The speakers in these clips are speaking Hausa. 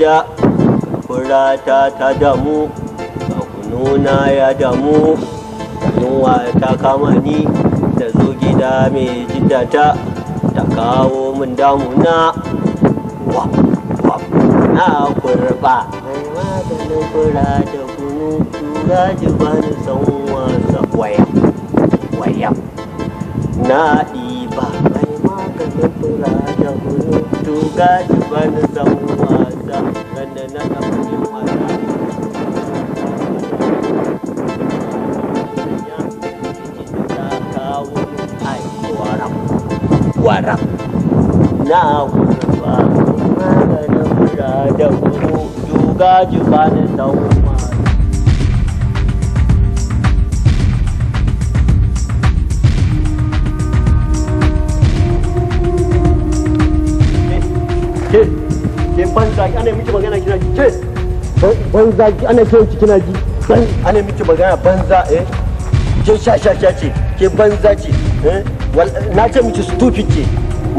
ja furata ta damu a kununa ya damu yunwa ta kama ni da zo gida mai jiddata ta kawo min damuna wa wa na kurba mai maganin na ɗiba mai maganin fura da kunu tuga ji daji ba da dawo ke ana miki magana kina ji ana ki kina ji ban ana miki magana banza eh ke sha sha sha ce ke banza ce eh na ce miki stupid ce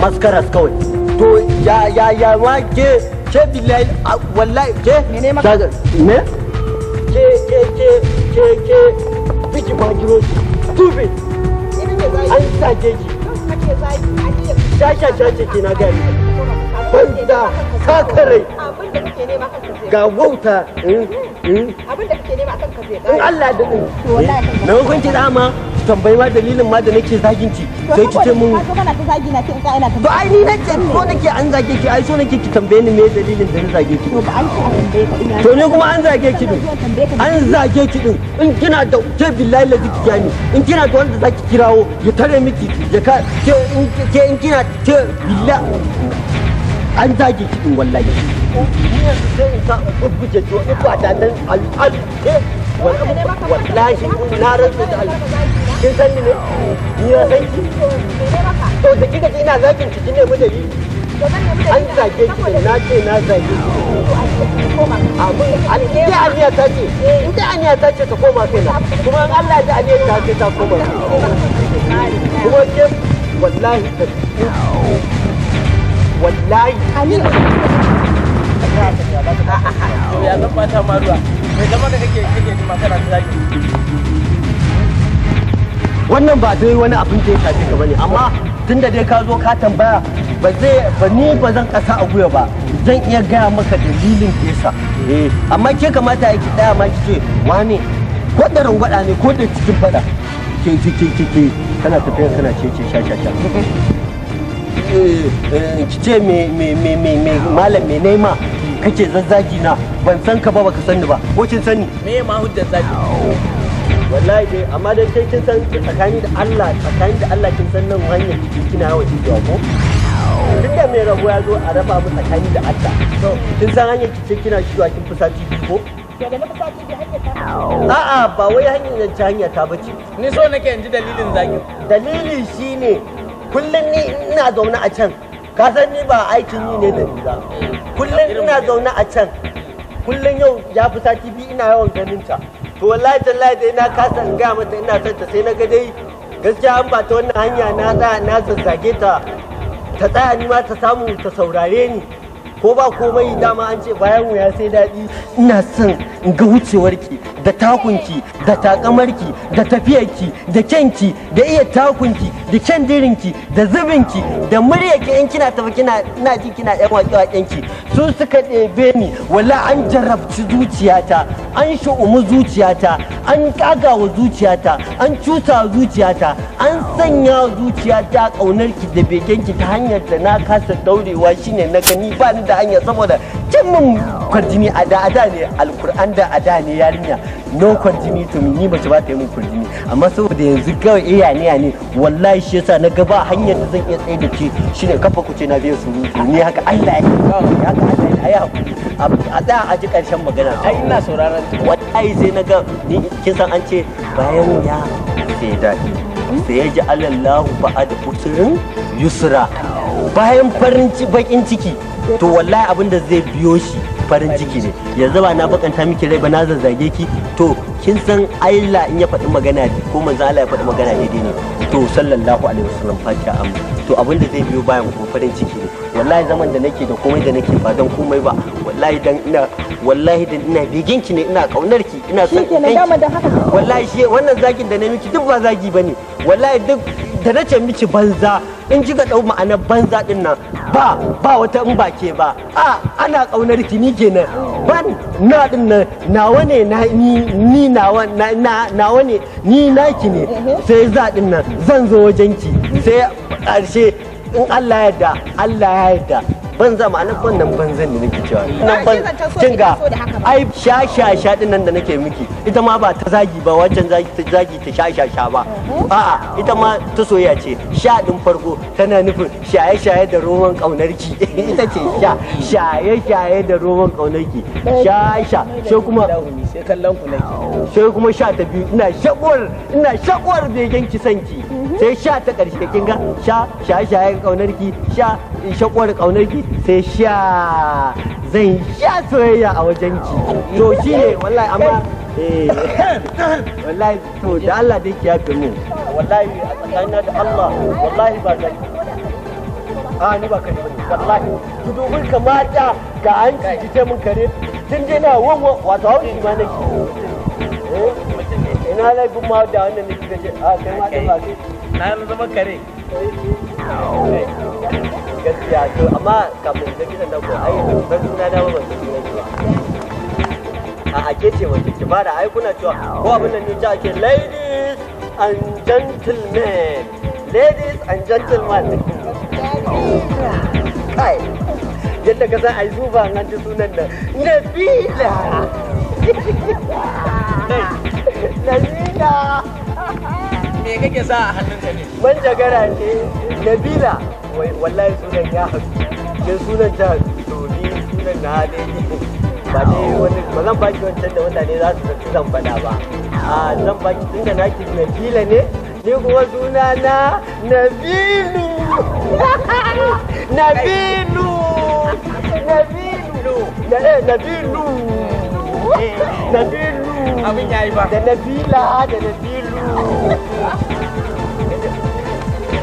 maskaras kawai to ya ya ya ma ke ke billahi wallahi ke ne maka ne ke ke ke ke ke biki ba kiro tubi an sake ki shasha shasha ke na gari banza kakarai ga wauta abinda kake nema kanka zai eh, eh. Allah da na hukunci dama tambayi ma dalilin ma da nake zaginci sai ki ce mun to ai ni na ce ko nake an zage ki ai so nake ki tambaye ni me dalilin da na zage ki to kuma an zage ki din an zage ki din in kina da ke billahi la ziki gani in kina da wanda zaki kirawo ya tare miki ya ka ke ke in kina ke billahi an zage ki din wallahi wallahi na da Allah kin san ni ne ni ya san ki to da kika ce ina zakin ki kin nemi dalili an zage ki na ce na zage ki abin an ke aniya ta ce in dai aniya ta ce ta koma kai na kuma an Allah ya ji aniya ta ce ta koma kuma ke wallahi ta wallahi amin ya zan bata maruwa mai zama da kake kake ji makana ta zage wannan ba dai wani abin da ya shafi ka bane amma tun da dai ka zo ka tambaya ba zai ba ni ba zan kasa a guya ba zan iya gaya maka dalilin kesa eh amma ke kamata ya ki daya ma kike wani ko da rangwada ne ko da cikin fada ke ke ke ke ke kana tafiya kana ce ce sha sha sha eh, eh, ki ce me me me me me malam me nema kake zazzagi na ban san ka ba baka sani ba ko kin sani me ma hujjar zaki wallahi dai amma dai kai kin san tsakani da Allah tsakani da Allah kin san nan hanyar kina yawan jijiya ko duk da mai rabo ya zo a raba mu tsakani da Allah kin san hanyar ki ce kina shiwa kin fi sati biyu ko A'a ba wai hanyar nan ta hanya ta bace. Ni so nake in ji dalilin zaki. Dalili shine kullum ni ina zaune a can ka san ni ba aikin yi ne da ni ba. Kullum ina zaune a can. Kullum yau ya fi sati biyu ina yawan ganin ta. to wallahi tallahi dai na kasa in gaya mata ina son ta sai na ga dai gaskiya an ba ta wannan hanya na na zazzage ta ta tsaya ni ma ta samu ta saurare ni ko ba komai dama an ce bayan wuya sai daɗi ina son in ga wucewarki da takunki da takamarki da tafiyarki da kyanki da iya takunki da kyan dirinki da zubinki da muryarki in kina tafi kina ina ji kina yan waƙe waƙenki su suka ɗebe ni wala an jarabci zuciyata an shu'umu zuciyata an ƙagawa zuciyata an cuta zuciyata an sanya zuciyata ƙaunarki da bekenki ta hanyar da na kasa daurewa shine na gani ba ni da ta hanya saboda mun kwarjini a da a da ne alkur'an da a ne yarinya no kwarjini to ni mace ba ta yi min kwarjini amma saboda yanzu kawai iya ne ne wallahi shi yasa na gaba hanyar da zan iya tsaye da ke shine kafa kuce na biyan surutu ni haka Allah ya haka Allah ya hakuri a da a ji karshen magana ai ina sauraron wallahi sai na ga ni kin san an ce bayan ya sai daɗi sai ya ji alallahu ba'a da yusra bayan farin bakin ciki to wallahi abin da zai biyo shi farin ciki ne yanzu ba na bakanta miki rai ba na zazzage ki to kin san Allah in ya faɗi magana ko manzo Allah ya faɗi magana daidai ne to sallallahu alaihi wasallam fatiha amma to abin da zai biyo bayan kuma farin ciki ne wallahi zaman da nake da komai da nake ba dan komai ba wallahi dan ina wallahi dan ina bigin ki ne ina kaunar ki ina son ki wallahi shi wannan zagin da na miki duk ba zagi bane wallahi duk da nace miki banza in ga dau ma'anar banza din nan ba ba wata in ba ke ba a ana kaunar ki ni kenan ban na din nan nawa ne na ni ni nawa na nawa ne ni naki ne sai za din nan zan zo wajen ki sai karshe in Allah ya yarda Allah ya yarda banza ma'anar ban nan banzan da nake cewa nan ban kinga ai sha sha sha din nan da nake miki ita ma ba ta zagi ba wancan zagi ta zagi ta sha sha sha ba a'a ita ma ta soyayya ce sha din farko tana nufin shaye shaye da roman ki. ita ce sha shaye shaye da roman ki sha sha sai kuma sai kallon ku sai kuma sha ta biyu ina shakuwar ina shakuwar begen ki sanki mhm. sai sha ta karshe kinga sha shaye shaye ki sha shakuwar ki. sai sha zan sha soyayya a wajen ki to shi ne wallahi amma eh, wallahi to da Allah dai ki yafe mu wallahi a tsakanina da Allah wallahi ba da a ni ba kai wallahi ku dubin kamata ga an ci ta mun kare tun dai na wanwa wato haushi ma nake eh, ina laifin ma da wannan nake kace a kai ma da ba kai na zama kare eh, gaskiya to amma kafin na kiran nan ko ai ba san suna da ba san suna ba a ake ce wace ki fara ai kuna cewa ko abin nan ne ta ake ladies and gentlemen ladies and gentlemen kai yadda ka san ai zuba nan da sunan da, nabila nabila me kake sa a hannunka ne manjagara ne nabila wallahi sunan ya haɗu don sunan ta to ni sunan na dai ba dai wani ba zan baki wancan da mutane za su zaci zan faɗa ba a zan baki tun da naki nabila ne ni kuma suna na nabilu nabilu eh, nabilu nabilu nabilu abin yayi ba da nabila da nabilu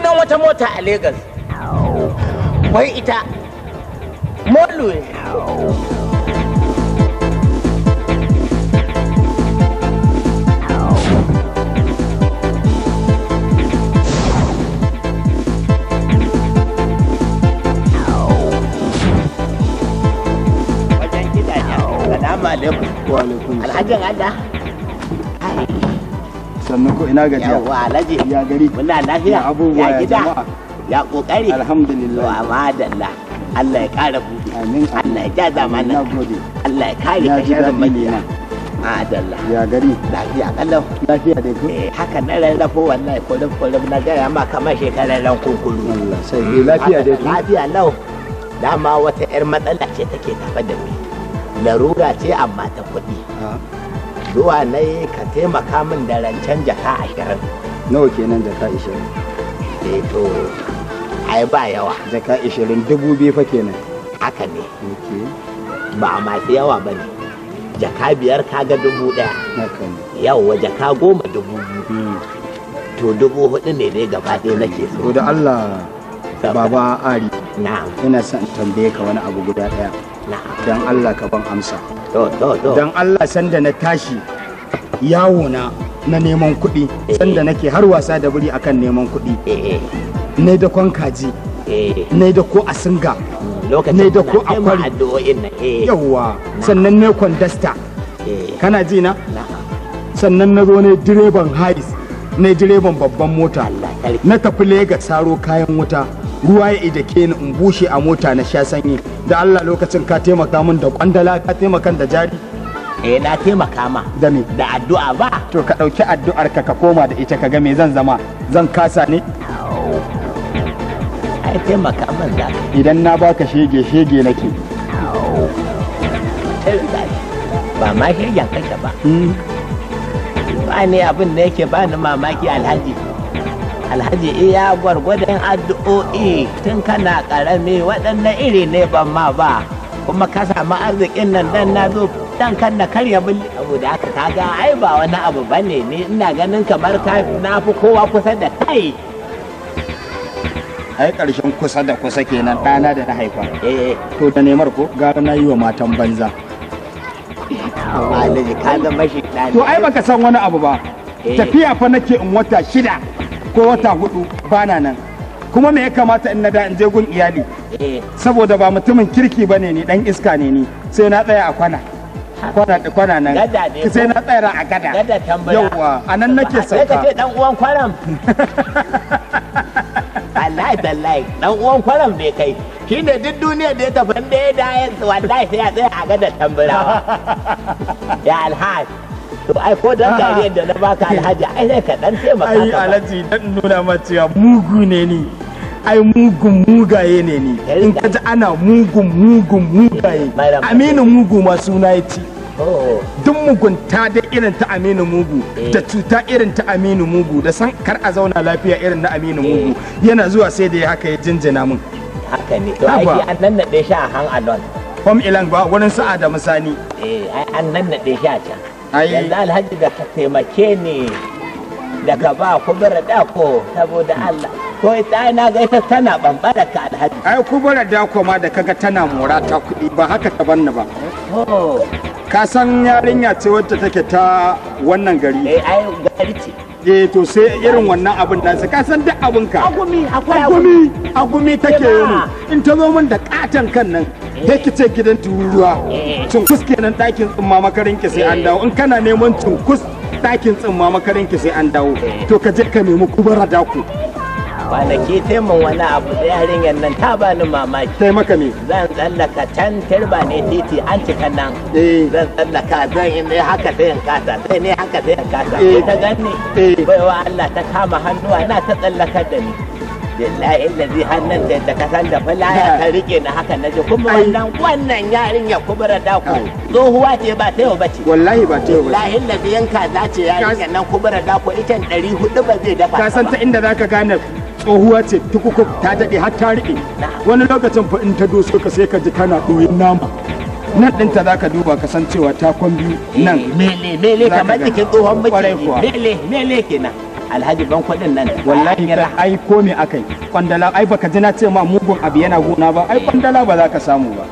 sunan wata mota a Legas. Wai ita, Molue. Alhajin Allah. sannan ko ina gajiya yawa alhaji ya gari muna lafiya abubuwa ya gida ya kokari alhamdulillah wa madalla Allah ya kara buɗe amin Allah ya ja zamanin Allah ya kare ka da majiya ya gari lafiya lafiya da ku eh, haka na rarrafo wallahi kullum kullum na gaya ma kamar shekarar ran kunkuru Allah sai lafiya da ku lafiya lau dama wata 'yar matsala ce take tafa da mu larura ce amma ta kuɗi ah. zuwa na yi ka taimaka min da rancen jaka ashirin nawa kenan jaka ashirin eh to ai ba yawa jaka ashirin dubu biyu fa kenan haka ne ba masu yawa ba ne jaka biyar kaga dubu ɗaya wa jaka goma dubu biyu hmm. to dubu hudu ne dai gaba ɗaya nake so da Allah baba ari na'am ina son tambaye ka wani abu guda daya na'am dan Allah ka ban amsa to to to dan Allah sanda na tashi yawo na na neman kuɗi eh. sanda nake har wasa da buri akan neman kuɗi eh, eh. ne da kwan kaji ne da ko a singa ne da ko a kwari yawwa sannan ne kwandasta kana ji na sannan na zo ne direban haris ne direban babban mota na tafi Legas saro kayan wuta ruwa ya ida ke ni in bushe a mota na sha sanyi da Allah lokacin ka taimaka min da kwandala ka taimaka da jari eh na taimaka ma da me da addu'a ba to ka dauki addu'ar ka ka koma da ita ka ga me zan zama zan kasa ne ai taimaka min da idan na baka shege shege nake ba ma shege kake ba hmm. ba ne abin da yake ba ni mamaki alhaji alhaji iya gwargwadon addu'o'i tun kana karami waɗannan iri ne ban ma ba kuma ka samu arzikin nan dan na zo dan kan na karya bulli abu da aka kaga ai ba wani abu bane ni ina ganin kamar ka na fi kowa kusa da kai ai karshen kusa da kusa kenan ɗana da na haifa eh. to da nemar ko gara na yi wa matan banza to ai baka san wani abu ba eh. tafiya fa nake in wata shida ko wata hudu bana nan kuma me ya kamata in na da in je gun iyali eh. saboda ba mutumin kirki bane ni dan iska ne ni sai na tsaya a kwana kwana da kwana nan sai na tsaya a gada yauwa a nan nake sauka sai dan uwan kwaram wallahi tallahi dan uwan kwaram bai kai shine duk duniya da ya tafi da ya da wallahi sai ya tsaya a gada tambura ya alhaji to ai ko dan da na baka alhaji ai sai ka dan taimaka ai alhaji dan nuna ma mugu ne ni ai mugun mugaye ne ni in ka ji ana mugun mugun mugaye aminu mugu ma suna ya ci oh. duk mugunta da irin ta aminu mugu eh. da cuta irin ta aminu mugu da san kar a zauna lafiya irin na aminu mugu eh. yana zuwa sai da ya haka ya jinjina min. haka ne to aiki an nan da shi a han alon fom ilang ba wurin sa'a da misani eh an nan da shi a can yanzu alhaji da ka taimake ni daga ba kubura dako saboda Allah ko ita na ga ita tana bambara ka alhaji ai kubura dako ma da kaga tana mora ta kuɗi ba haka ta banna ba oh. ka san yarinya ce wadda take ta wannan gari eh ai gari ce eh to sai irin wannan abin da ka san duk abin ka agumi akwai agumi take yi mu in ta zo mun da katan kan nan da ce gidan tururuwa eh. cunkus kenan ɗakin tsumma makarin ki sai an eh. dawo in kana neman cunkus ɗakin tsumma makarin ki sai an dawo eh. to ka je ka nemi kubara ku. kwanaki taimun wani abu da yarinyar nan ta bani mamaki sai maka ne zan tsallaka can turba ne titi an cika nan eh. zan tsallaka zan yi ne haka sai kasa sai ne haka sai in kasa ko eh. ta gani eh. baiwa Allah ta kama hannuwa na ta tsallakar da ni billahi lazi hannun da ta kasar da falaya ka rike na haka na ji kuma wannan wannan yarin ya kubura da ku tsohuwa ce ba ta yau ba ce wallahi ba ta yau ba billahi lazi yanka za ce yarin nan kubura da ku ita 400 ba zai dafa ka san ta inda ka gane tsohuwa ce tukukuk ta daɗe har ta riƙe wani lokacin fa in ta doso ka sai ka ji kana ɗoyin nama nan ɗinta za ka duba ka san cewa ta kwan biyu nan eh, mele mele kamar jikin tsohon maciji mele mele kenan alhaji ban kwadin nan wallahi ka ai ko me akai kwandala ai baka ji na ce ma mugun abu yana gona ba ai kwandala ba za ka samu ba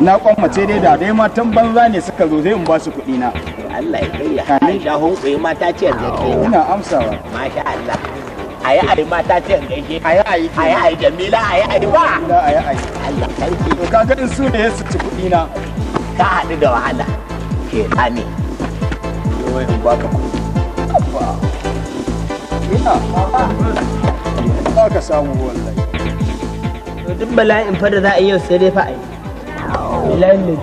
na mace dai da dai matan banza ne suka zo zai in ba su kuɗi na Allah ya kai ya kai mata ce yanzu ina amsawa masha Allah ayi ayi mata ce in gaishe ayi ayi ayi jamila ayi ayi ba ayi ayi Allah sarki to kaga din su ne su ci kuɗi na ka haɗu da wahala ke tsani wai in baka kuɗi abba ina ba ka samu wallahi to duk bala'in fa da za a yi yau sai dai fa ayi bilahin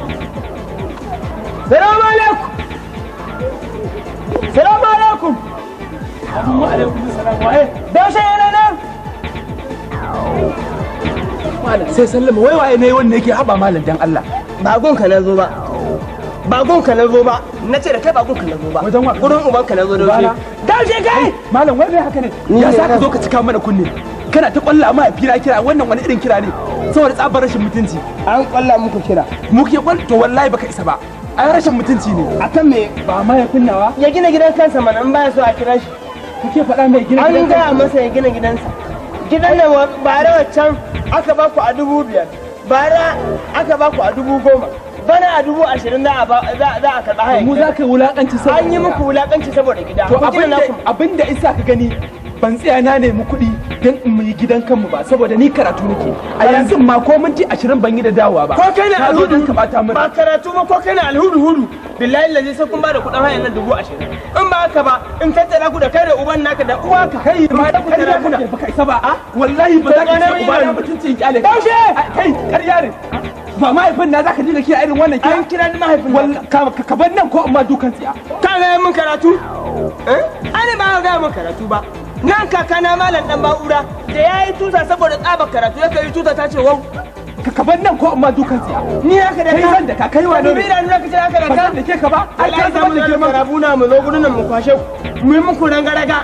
salamu alaikum salamu alaikum sai sallama wai waye ne wanda yake haɓa malam dan Allah. Ba gonka na zo ba. Ba gonka na zo ba. Na ce da kai ba gonka na zo ba. Wajen wa. Gurin ubanka na zo daushe. Daushe kai. Malam wai bai haka ne. Ya sa ka zo ka cika mana kunne. Kana ta kwalla ma fira kira wannan wani irin kira ne. Saboda tsabar rashin mutunci. An kwalla muku kira. Muke kwal to wallahi baka isa ba. Ai rashin mutunci ne. Akan me ba ma ya kunnawa? Ya gina gidan kansa mana in baya so a kira shi. kake faɗa mai gina gidansa an gaya masa ya gina gidansa gidan nan bare waccan aka ba ku a dubu biyar bara aka ba ku a dubu goma bana a dubu ashirin za a karɓa haya mu za ka wulaƙanci saboda an yi muku wulaƙanci saboda gida to abin da isa ka gani ban tsaya na nemi kuɗi don in mu yi gidan kanmu ba saboda ni karatu nake a yanzu ma ko minti ashirin ban yi da dawowa ba ko kai ne alhudu ba karatu ba ko kai ne alhudu hudu billahi lalle sai kun bada kudin hayan nan dubu ashirin in ba haka ba in ka tsara ku da kai da uban naka da uwa ka kai ma da ku tsara ku da ka isa ba a wallahi ba za ka isa uba na mutuncin kyale daushe kai kar yare ba mahaifin na zaka dinga kira irin wannan kira kiran kira ni mahaifin ka ka bar nan ko amma dukan tsiya ka ga mun karatu eh ani ba ga mun karatu ba nan kakana malam dan ba'ura da yayi tusa saboda tsaba karatu yake yi tusa ta ce wau ka kaban nan ko amma dukan tsiya ni haka da kai da ka kai wa ne ina nuna kace haka da ka da ke ka ba ai ka samu da girman rabuna mu zo gurin nan mu kwashe mu yi muku ranga raga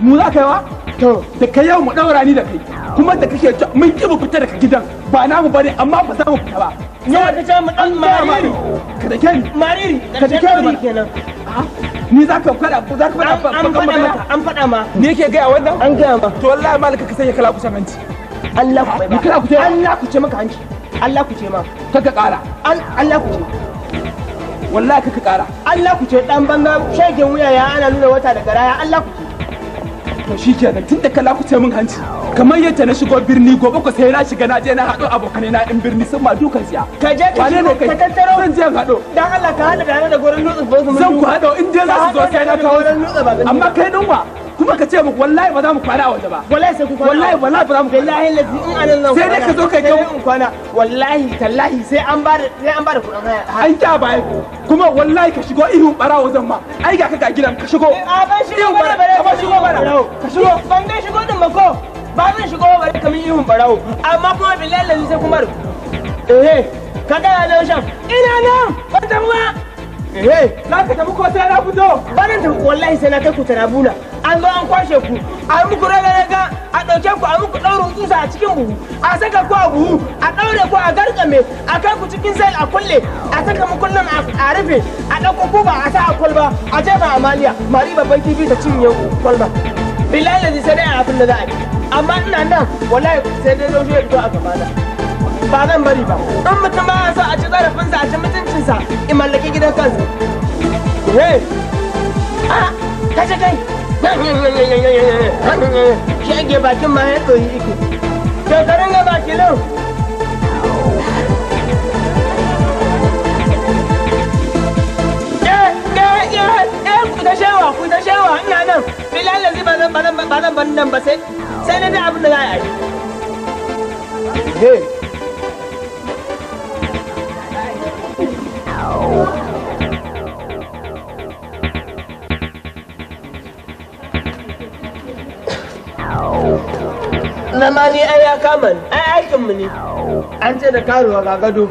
mu za ka yi wa to da kai yau mu daura ni da kai kuma da kake mun ki mu fita daga gidan ba namu bane amma ba za mu fita ba yawa ta ce mu dan mariri ka da kai mariri ka da kai kenan ah. ni za ka faɗa za ka faɗa an faɗa ma me yake gaya wannan an gaya ma to wallahi malaka ka sanya kala kusan hanci Allah ku ce ba ku Allah ku ce maka hanci Allah ku ce ma kaka ƙara Allah ku ce wallahi kaka ƙara Allah ku ce dan banga shegen wuya ya ana nuna wata da garaya Allah ku ce to shikenan da kala ku ce min hanci kamar yadda na shigo birni gobe ko sai na shiga na je na haɗo abokanai na in birni sun ma dukan siya ka je ka ne ka tattaro zan je haɗo dan Allah ka haɗa da da gurin nutsu zan ku haɗo in je za su zo sai na kawo amma kai din wa kuma ka ce mu wallahi ba za mu kwana a waje ba wallahi sai ku kwana wallahi wallahi ba za mu kwana wallahi lazi in anan nan sai dai ka zo kai kai kwana wallahi tallahi sai an ba sai an ba da kuɗin haya an ta baya kuma wallahi ka shigo ihun barawo zan ma ai ga ka ga gidan ka shigo a ban shigo bara ka shigo bara ka shigo ban dai shigo din mako ba zan shigo bare kamar ihun barawo amma kuma billahi lazi sai kuma eh ka ga nan shan ina nan ban ba Eh, za ka tafi ko sai na fito? Barin tafi wallahi sai na kai ku tarabula. An zo an kwashe ku, a muku raga-raga, a ɗauke ku a muku ɗaurin kusa a cikin buhu, a saka ku a buhu, a ɗaure ku a garkame, a kai ku cikin sai a kulle, a saka mukullin a rufe, a ɗauko kuba a sa a kwalba, a maliya. amaliya, mari babban kifi ta cinye kwalba. Bilahi da sai dai a abin da za a yi. Amma ina nan wallahi sai dai zo ya fito a gabana. ba zan bari ba in mutum ba sa a ci zarafinsa a ci mutuncinsa in mallaki gidan kansa he a kace kai shege bakin ma ya tsoyi iko shekarun ga baki shewa shewa ina nan ba zan ba nan ba ba sai sai na da abin da za a yi na ma ni ai ya ne an ce da karuwa ga gado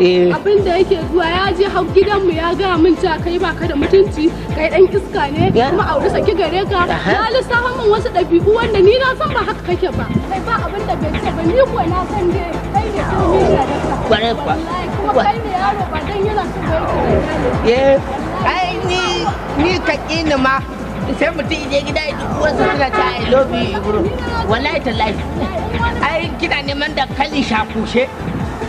Eh. abin da yake zuwa ya je har gidanmu ya gaya min ta kai ka da mutunci kai dan iska ne kuma aure saki gare ka ya lissafa min wasu ɗabi'u wanda ni na san ba haka kake ba kai ba abin da bai ce ba ni kuwa na san dai kai ne ilimi na da ka kuma kai ne yaro ba dan yana so ba yake da ai ni ni ka kini ma sai mutum je gida ya duk wasu suna ta I love you Ibro wallahi tallahi ai kina neman da kalli shakushe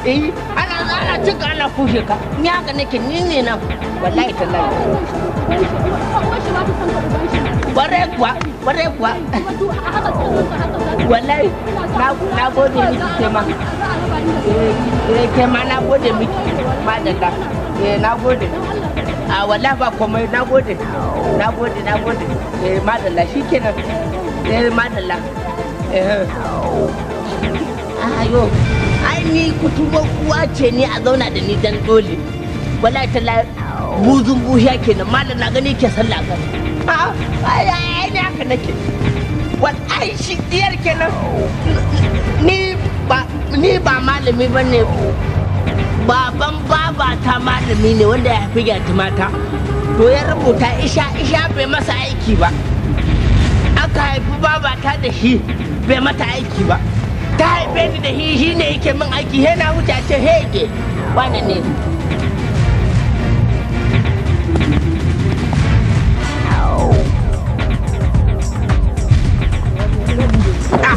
eh ana ana cin ka ana kushe ka ni haka nake ni ne nan wallahi tallahi bare kuwa bare kuwa wallahi na gode miki kema eh kema na gode miki ma eh, eh, madalla eh na gode a ah, wallahi ba komai na gode na gode na gode eh madalla shikenan eh madalla eh ayo ah, ai ni kutubo uwa ce ni a zauna da ni dan dole wallahi ta buzun bushiya kenan malam na gani ke sallah kan ai ai ne haka nake wallahi shi diyar kenan ni ba ni ba malami bane baban baba ta malami ne wanda ya haifi ta mata to ya rubuta isha isha bai masa aiki ba aka haifi baba ta da shi bai mata aiki ba ta haife ni da hihi ne yake min aiki he na wuce ce hege, wane ne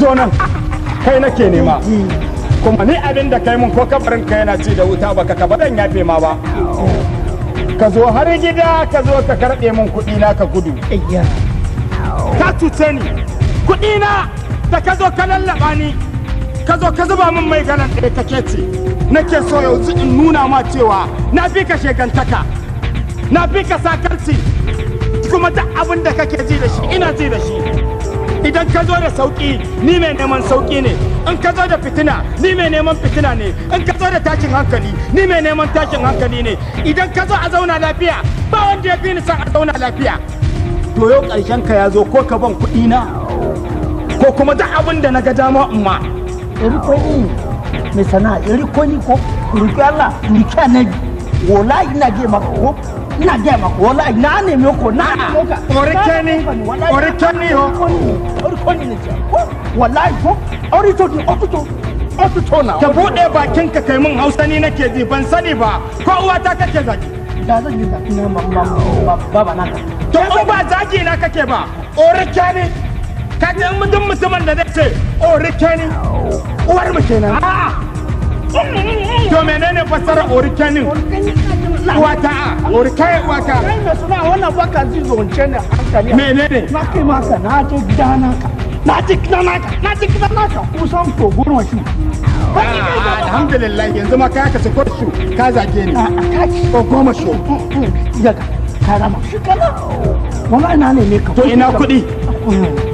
zo nan kai nake nema kuma ni abin da kai mun ko kabarin ka yana ci da wuta baka ka badan yafe ma ba ka zo har gida ka zo ka karɓe mun kuɗi na ka gudu ka cuce ni kuɗi na da ka zo ka lallaba ni ka zo ka zuba min mai galan ɗaya kake ce nake so yanzu in nuna ma cewa na fi ka shegantaka na fi ka sakarci kuma duk abin da kake ji da shi ina ji da shi idan ka zo da sauki ni mai neman sauki ne in ka zo da fitina ni mai neman fitina ne in ka zo da tashin hankali ni mai neman tashin hankali ne idan ka zo a zauna lafiya ba wanda ya fi ni san a zauna lafiya to yau ƙarshen ka ya zo ko ka ban kuɗi na ko kuma duk abin da na ga dama in ma irikoni mai sana'a irikoni ko iriki Allah iriki annabi wallahi ina je ko ina na ne me ko na ne orikeni orikeni ho orikoni ne ko wallahi ko orito ni okuto okuto na ka bude bakin ka kai min Hausa ni nake ji ban sani ba ko uwa ta kake zaki da zan yi zaki na mamma baba na ka to ba zaki na kake ba orikeni ka ce in mutum musamman da zai ce ori oh, kenin uwar mu kenan ah! to menene fasara ori kenin wata a ori kai uwata kai suna wannan baka ji zonce ne hankali menene na kai masa na je gida na ka na ji gida na ka na ji gida na ka kusan ko gurwa shi alhamdulillah yanzu ma kai ka ce ko ka zage ni ko goma shi ya ka ka rama shi kana wallahi na ne ne ka to ina kuɗi mm.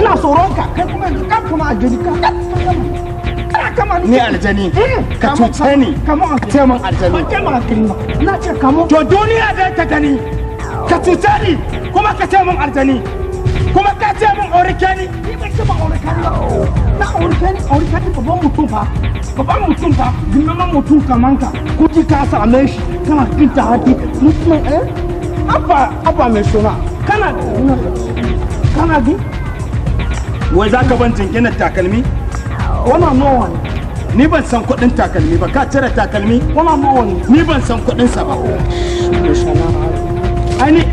ina tsoron ka kai kuma yanzu kan kuma aljani ka kama ni ni aljani ka cuce ni kama ce min aljani ba ce min aljani ba na ce kamo to duniya zai ta gani ka cuce ni kuma ka ce min aljani kuma ka ce min aurike ni ni ce min aurike ni na aurike ni babban mutum fa babban mutum fa girmaman mutum kaman ka kuji ka same shi kana kinta haki mutum eh abba abba mai suna kana kana ji wai za ka ban jingina takalmi? Wannan nawa Ni ban san kudin takalmi ba, ka cire takalmi? Wannan nawa Ni ban san kudin sa ba. Ai ni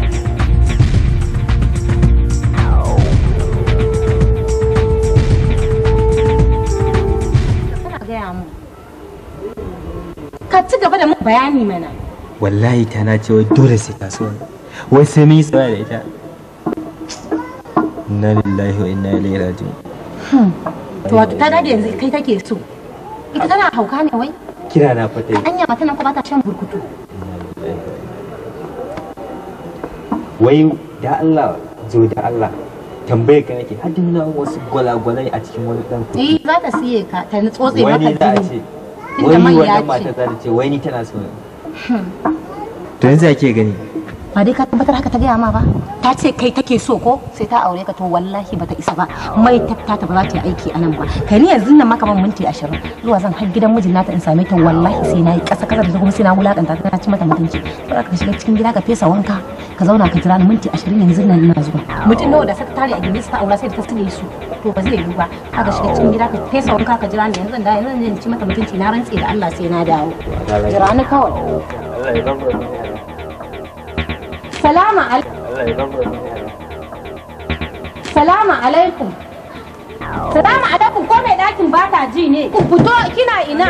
ci gaba da bayani mana. Wallahi ta na ce wai dole sai so Wai sai mun yi tsaya da ita. inna lillahi wa inna ilaihi raji'un hmm. wato ta dade yanzu kai take so ita tana hauka ne wai kira na fata anya mata nan ko bata shan burkutu wai da Allah zo da Allah tambaye ka nake har na wasu gwalagwalai a cikin wani dan kuɗi eh za ta siye ka ta tsotse maka jini wani za a ce wani wannan mata za ta ce wai ni tana so hmm. to yanzu ake gani ba dai ka tabbatar haka ta gaya ma ba ta ce kai take so ko sai ta aure ka to wallahi bata isa ba mai tafta ta ba za ta yi aiki a nan ba kai ni yanzu nan maka ban minti ashirin zuwa zan har gidan mijin nata in same ta wallahi sai na yi kasa kasa da kuma sai na wulakanta ta na ci mata mutunci ba ka shiga cikin gida ka fesa wanka ka zauna ka jira ni minti ashirin yanzu nan ina zuwa mutum nawa da tare a gidan ta aura sai da ta tsine su to ba zai yiwu ba ka shiga cikin gida ka fesa wanka ka jira ni yanzu da yanzu zan ci mata mutunci na rantse da Allah sai na dawo jira ni kawai salamu alaikum salamu alaikum salamu alaikum ko mai dakin ba ta ji ne ku fito kina ina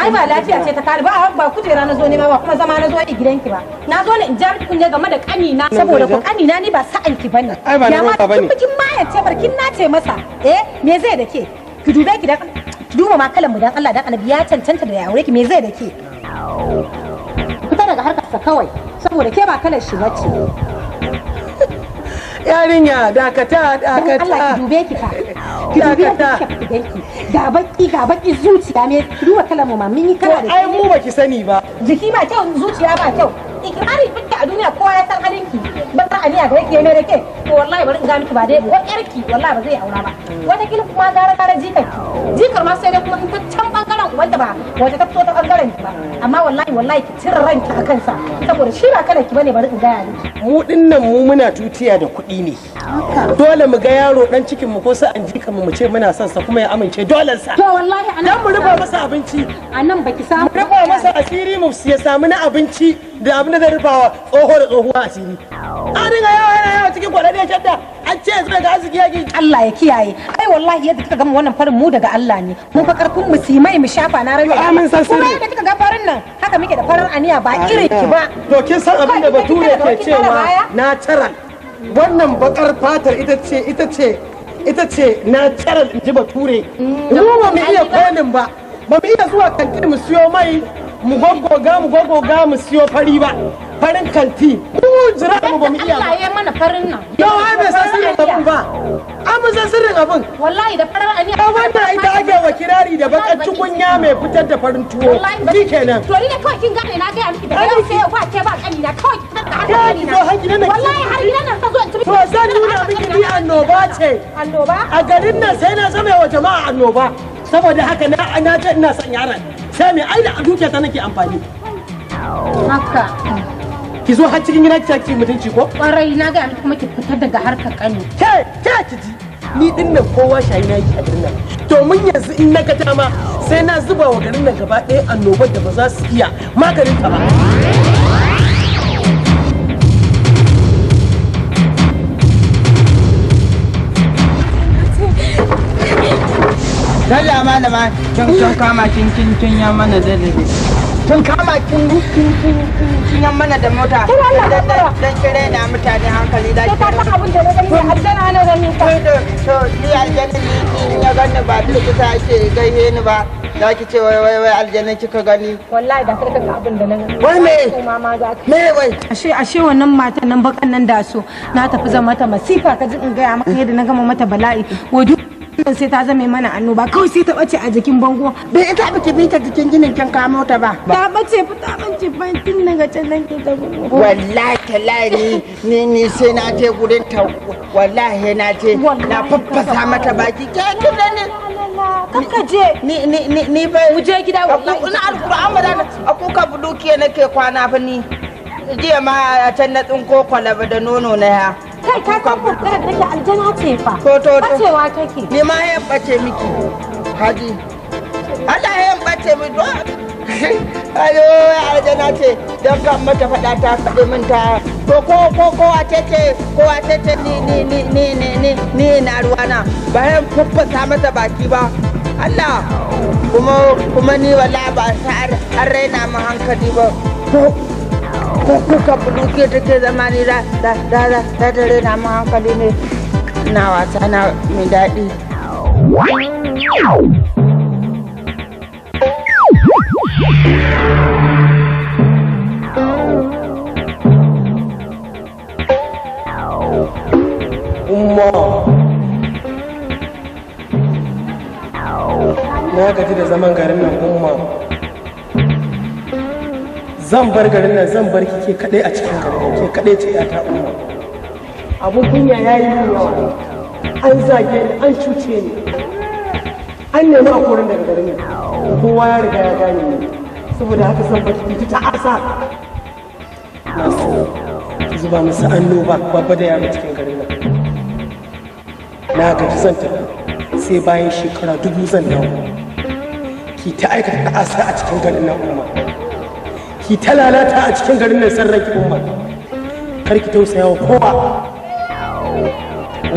ai ba lafiya ce ta kare ba ba kujera na zo ne ba kuma zama na zo a gidanki ba na zo ne in ja miki kunne game da na saboda ku na ni ba sa'an ki bane ai ba na ba bane kin ma ce barkin na ce masa eh me zai da ke ki dube ki da duma ma kalan mu dan Allah dan Annabi ya cancanta da ya aure ki me zai da ke fita daga harkarsa kawai saboda ke ba kalan shi bace yarinya dakata dakata Allah ki dube ki fa ki dube ki ga baki ga baki zuciya ne duba kalan mu ma mun yi kala da ai mu baki sani ba jiki ba kyau zuciya ba kyau ikimari a duniya kowa ya san halin ki ban san aniya da yake mai ke to wallahi bari in ga miki ba dai ko yarki wallahi ba zai aura ba wata kila kuma gara gara jikar jikar ma sai dai kuma in ta can bangaren wanda ba wata ta fito ta bangaren ki ba amma wallahi wallahi ki cire ranki a kansa saboda shi ba kana ki bane bari in ga ya mu dinnan mu muna tutiya da kuɗi ne dole mu ga yaro dan cikin mu ko sai an jika mu mu ce muna son sa kuma ya amince dole sa to wallahi anan mu rubo masa abinci anan baki samu rubo masa asiri mu ya samu na abinci da abin da zai rufawa tsoho da tsohuwa asiri an dinga yawa yana yawa cikin kwaɗaɗe shadda an ce zai ga arziki yaki Allah ya kiyaye ai wallahi yadda kika gama wannan farin mu daga Allah ne mu fa karfin mu simai mu shafa na rage amin san kuma yadda kika ga farin nan haka muke da farin aniya ba irin ki ba to kin san abin da bature ke cewa na tara wannan bakar fatar ita ce ita ce ita ce na tara in ji bature mm. mu ba mu iya kwanin ba ba mu iya zuwa kantin mu siyo mai mu goggoga mu goggoga mu siyo fari ba farin kanti mu jira mu ba mu iya ba Allah mana farin nan yau ai bai san sirrin ba an mu san sirrin abun. wallahi da farar ba ita ake wa kirari da bakar tukunya mai fitar da farin tuwo shikenan to ni ne kawai kin gane na ga miki da yau sai ba kani na kawai na nan to zan nuna miki ni annoba ce annoba a garin nan sai na zama wa jama'a annoba saboda haka na ce ina son yaran sai me ai da dukiya ta nake amfani haka ki zo har cikin gida ki ci mutunci ko kwarai na ga kuma ki fitar daga harkar kani ke ke ki ji ni din nan kowa shayi na yi a garin to mun yanzu in na ka ma sai na zuba wa garin nan gaba ɗaya annobar da ba za su iya maganin ta ba Dalla malama kin kin kama kin kin kin ya mana da da. Kin kama kin kin kin kin ya mana da mota. Kin Allah da da. Dan kire na mutane hankali da. Ka ta abin da na gani aljanna na gani. Ko da to ni aljanna ni ni ya gani ba duk kusa ake gaihe ni ba. Da ki ce wai wai wai aljanna kika gani. Wallahi da karka abin da na gani. Wai me? Me wai? Ashe ashe wannan matan nan bakan nan da so na tafi zama ta masifa ka ji in ga maka yadda na gama mata bala'i. Wai nan sai ta zame mana annoba kawai sai ta bace a jikin bango bai ita ba ke binta jikin ginin kan kamo ta ba ta bace fa ta bace ban tun daga can nan ke ta wallahi talani ni ni sai na je gurin ta wallahi na je na faffasa mata baki ke kin ne kaka je ni ni ni ni ba mu je gida wallahi ina alquran madana akuka buduki nake kwana fa ni jiya ma can na tsinko kwalaba da nono na ya kai ka san fuskar da nake aljana ce fa to to to bacewa ma yan bace miki hadi Allah yan bace mi do ayo aljana ce dan kan mata fada ta min ta to ko ko ko a tete ko a tete ni ni ni ni ni ni ni na ruwana ba yan mata baki ba Allah kuma kuma ni wala ba ta an raina mu hankali ba kuka buduke zamani da da da da dare na mu na wasa na mai daɗi. Umma na gaji zaman garin umma zan bar garin nan zan bar kike kadai a cikin garin ke kadai ce ya ta umma abun kunya yayi yawa an zage ni an cuce ni an nemi a korin daga garin nan kowa ya riga ya gane ni saboda haka zan bar kike ta asa zuba musu annoba babba da yaro cikin garin nan na gaji zan tafi sai bayan shekara dubu zan dawo ki ta aikata ta'asa a cikin garin nan umma ki ta lalata a cikin garin nan sarraki umma kar ki tausaya wa kowa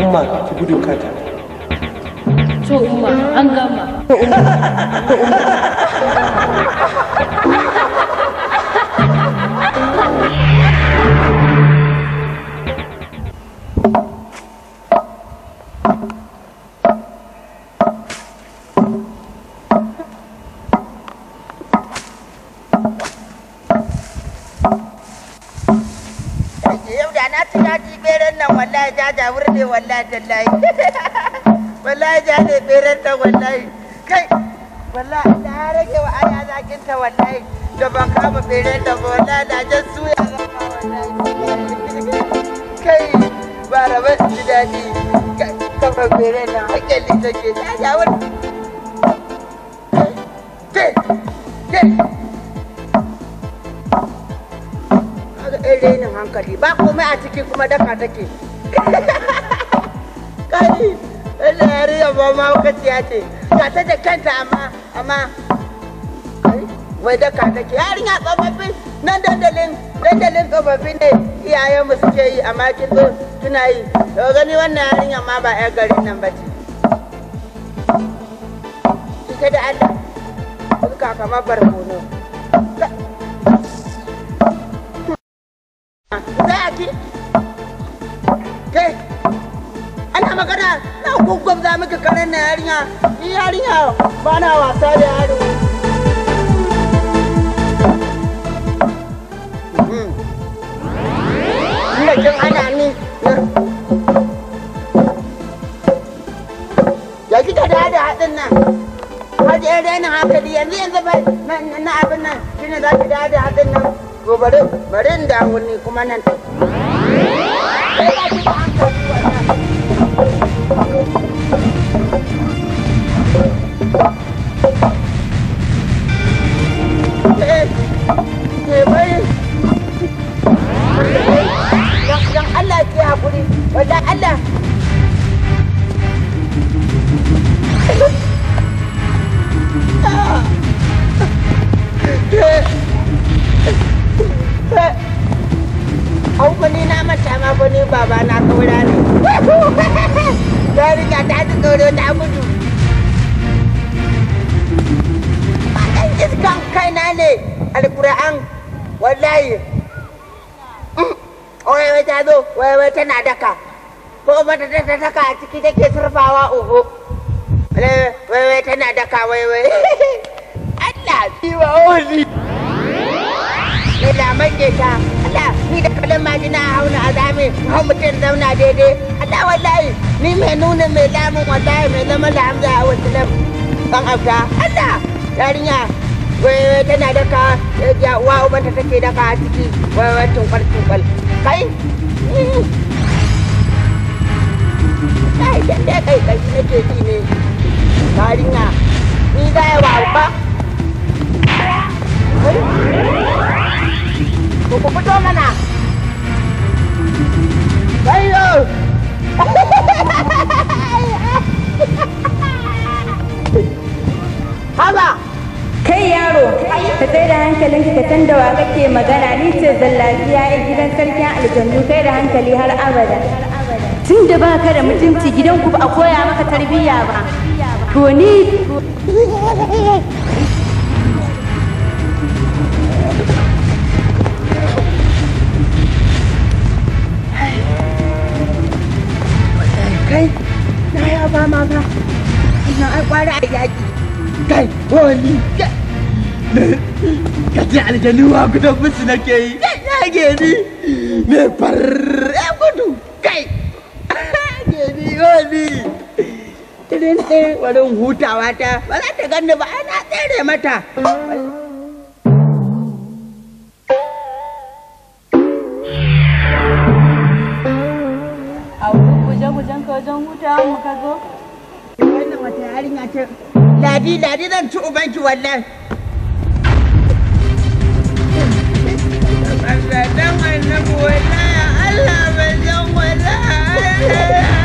umma ki gudu kata to umma an gama to umma wallahi ja jawur ne wallahi tallahi wallahi ja ne beran ta wallahi kai wallahi da ya rage wa aya zakin ta wallahi da ban kama beran ta wallahi da jan suya kai ba rabar ji daɗi kafa beran nan da take ja jawur kai ba komai a ciki kuma daka take kai wannan yariya ba ma ce ta da kanta amma amma wai da yarinya tsofaffi nan dandalin dandalin tsofaffi ne iyayenmu suke yi amma kin zo yi daga gani wannan yarinya ma ba 'yar garin nan ba ce da Allah kamar barkono magana na gwaggwabza maka karen na yarinya ni yarinya ba na wasa da yaro Ina ana ni Ya kika da hada haɗin nan Haji yan rainin hankali yanzu yanzu na abin nan shine za ki da hada haɗin nan To bari bari in dawo ni kuma nan Kai ba ki take surfawa wai wai tana da ka wai wai Allah ki wa oli mai laman ta Allah ni da kalan majina a hauna azami zame hau mutum zauna daidai Allah wallahi ni mai nuna mai lamun wallahi mai zama da hamza a wasu lam ban afta Allah yarinya wai wai tana da ka ya uwa ubanta take daka a ciki wai waiwai tunkwal tunkwal kai hmm. kai da kai kai kai nake ji ne yarinya ni za ya wa ba ko ku fito mana Bayo! Haba! Kai yaro, ka tsaye da hankalinka ka san da wa kake magana ni ce zallafiya a gidan sarkin aljannu kai da hankali har abada. tun da ba ka da mutunci gidanku ba a koya maka tarbiyya ba to ni kai na ya ba ma ba ina ai kwara a yaki kai wani ka ji aljanuwa wa gudan musu nake yi ya ke ni me farar yobi tirin sai warin hutawa ta ba za ta ganni ba ana tsere mata hutawa mu ka zo wata yarinya ladi ladi zan ci ubanki wallahi Dan wannan wallahi Allah bai san wallahi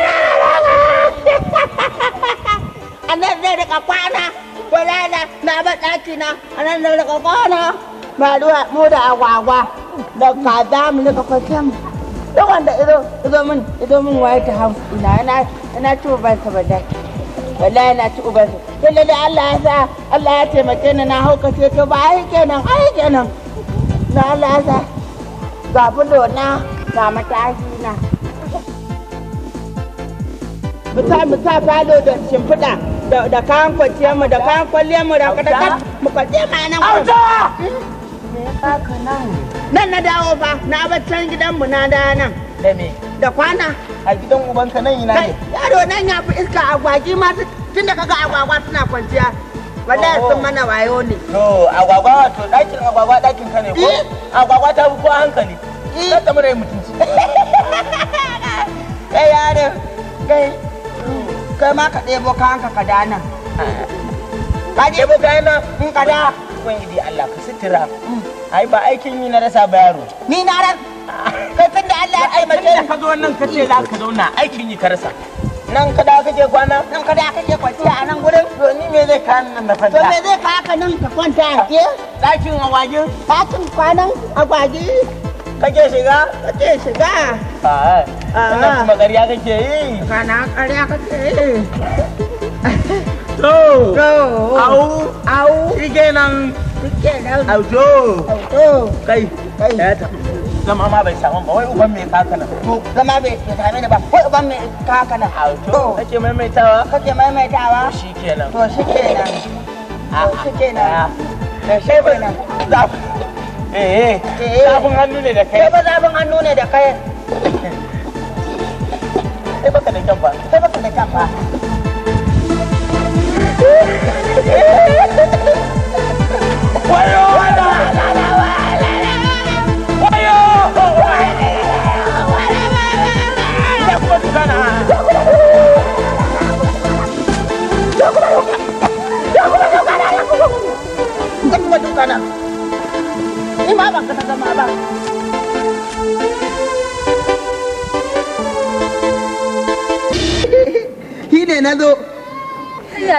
a nan zai rika kwana ko rana na ba ɗaki na a nan zai rika kwana ba ruwa mu da agwagwa da kaza mu rika kwace mu duk wanda ido ido min ido min waye ta hau ina ina ina ci uban sa ba dai wallahi ina ci uban sa sai da Allah ya sa Allah ya taimake ni na kace to ba ai kenan ai kenan na Allah ya sa ga bulo na ga mataki na mu sa falo da shimfiɗa da kan kwanciyar mu da kan kwalliya mu da ka ta mu kwanciyar mu nan auta nan na dawo ba na baccan gidan mu na da nan da me da kwana a gidan ubanka nan ina ne yaro nan ya fi iska agwagi ma tun da kaga agwagwa suna kwanciya wallahi oh. sun mana wayo ne to agwagwa to, dakin agwagwa dakin ka ne ko eh. agwagwa ta fi ko hankali kada mu rai mutunci eh yaro kai kai ma ka ɗebo kayanka ka da nan ka ɗebo kayan nan in ka da ubangiji Allah ka sutura ai ba aikin yi na rasa ba yaro ni na ran kai tun da Allah ya taimake ni ka zo nan ka ce za ka zauna aikin yi ka rasa nan ka da kake kwana nan ka da kake kwanciya a nan gurin to ni me zai ka nan na kwanta to me zai ka haka nan ka kwanta a ke dakin agwaje dakin kwanan agwaje Kecil sih kak, kecil sih kak. Ah, anak cuma karya kecil. Anak cái kecil. Go. Go. Au. Au. Ike nang. Ike nang. Au jo. Au jo. Cây. Cây. Đấy. Lâm ama bai sa mon bai uban me ka cái nào lama bai cái ta mai da ba. Wai cái me ka kana. Au jo. Kake mai mai tawa. Kake mai mai tawa. nào To shikenan. Ah shikenan. Da shikenan. eh zafin hannu ne da kai ba hannu ne da kai sai baka da kyan ba da kyan ba wayo wayo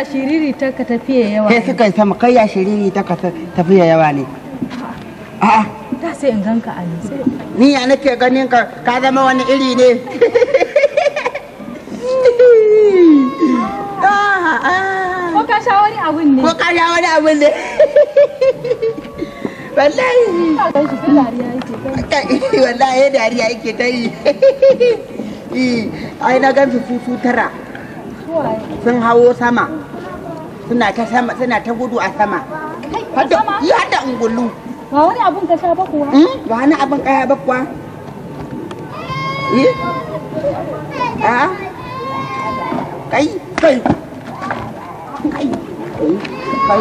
shiriri ta ka tafiya yawa ne. suka yi sama kai ya shiriri ta ka tafiya yawa ne. A'a. Da sai in ganka a ne. Ni ya nake ganin ka ka zama wani iri ne. Ko ka sha wani abun ne. Ko ka sha wani abun ne. Wallahi. Wallahi dariya yake ta yi. Eh eh, ai na gan fufu tara. Sun hawo sama. suna ta sama suna ta gudu a sama hadda hadda ungulu ba wani abun ba kuwa hmm? ba wani abun ba kuwa eh ah? kai kai kai kai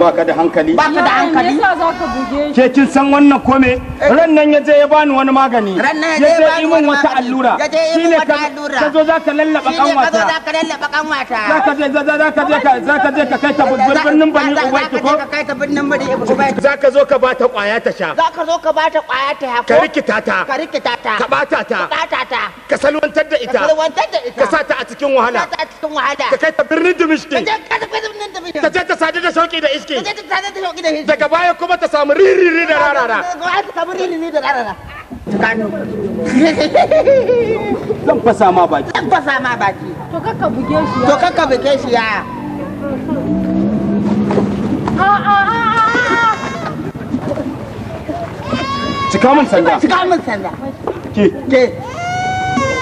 ba ka da hankali ba ka da hankali yasa za ka buge ke kin san wannan kome eh. ran nan yaje ya bani wani magani yaje yi min wata allura shine ka zo za ka lallaba wata za ka lallaba kanwata za ka je za ka je za ka je ka kai ta birnin bani ubai ki ko za ka zo ka ba ta kwaya ta sha za ka zo ka ba ta kwaya ta ka rikita ta ka rikita ta ka bata ta ka bata ta ka salu tarwantar da ita ka sa ta a cikin wahala ka kai ta birnin dimishki ta je ta sadu da shauki da iski daga baya kuma ta samu ririri da rarara zan fasa ma baki zan fasa ma baki to kakka buge shi to kakka buge shi ya cika min sanda cika min sanda ke ke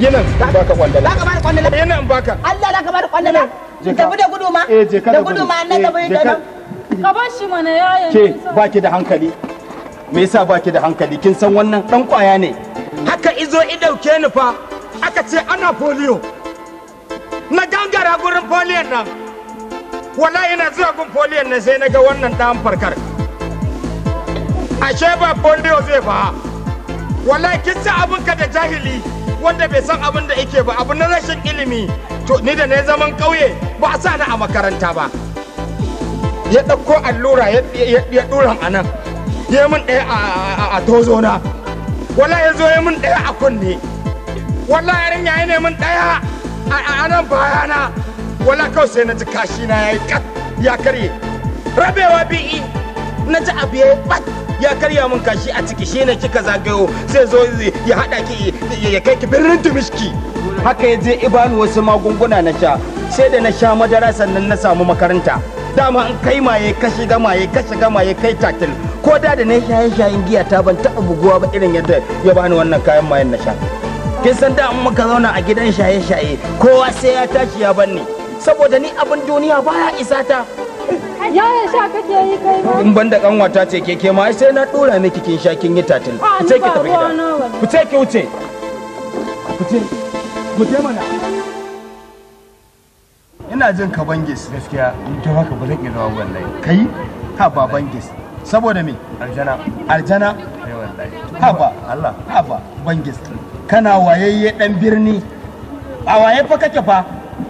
yinan baka kwandala ka bada kwandala yinan baka Allah zaka bada kwandala da gudu ma eh je ka da gudu ma nan gaba da eh, ka bar shi mana yayin ke baki da hankali me yasa baki da hankali kin san wannan dan kwaya ne haka izo i dauke ni fa aka ce ana polio na gangara gurin poliyon nan wallahi na zuwa gun poliyon nan sai na ga wannan dan farkar ashe ba polio zai fa wallahi kin ci abinka da jahili wanda bai san abin da yake ba abu na rashin ilimi to ni da na zaman ƙauye ba a sa ni a makaranta ba ya ɗauko allura ya ɗura a nan ya min ɗaya a tozona wala ya zo ya min ɗaya a kunne wala yarin ya ne min ɗaya a nan bayana wala kawai sai na ji kashi na ya yi ya karye rabewa bi'i na ji abu ya yi ya karya min kashi a ciki shi ne kika zagayo sai zo ya haɗa ki ya kai ki birnin tumishki haka ya je ibanu wasu magunguna na sha sai da na sha madara sannan na samu makaranta dama an kai maye ka shiga maye ka shiga maye kai takil ko da da na shaye shayin giya ta ban taɓa buguwa ba irin yadda ya bani wannan kayan mayen na sha kin san da muka zauna a gidan shaye shaye kowa sai ya tashi ya banni saboda ni abin duniya baya isa ta ya Yaya sha kake yi kai ma? In banda kanwata ce ke ma sai na dora miki kin sha kin yi tatil. Ku ce ki tafi gida. Ku ce ki wuce. Ku ce. Ku ce mana. Ina jin ka bangis gaskiya in ta haka ba zan iya zama wallahi. Kai ha ba bangis. Saboda me? Aljana. Aljana? Ha ba Allah. Ha ba bangis. Kana wayayye dan birni. A waye fa kake fa?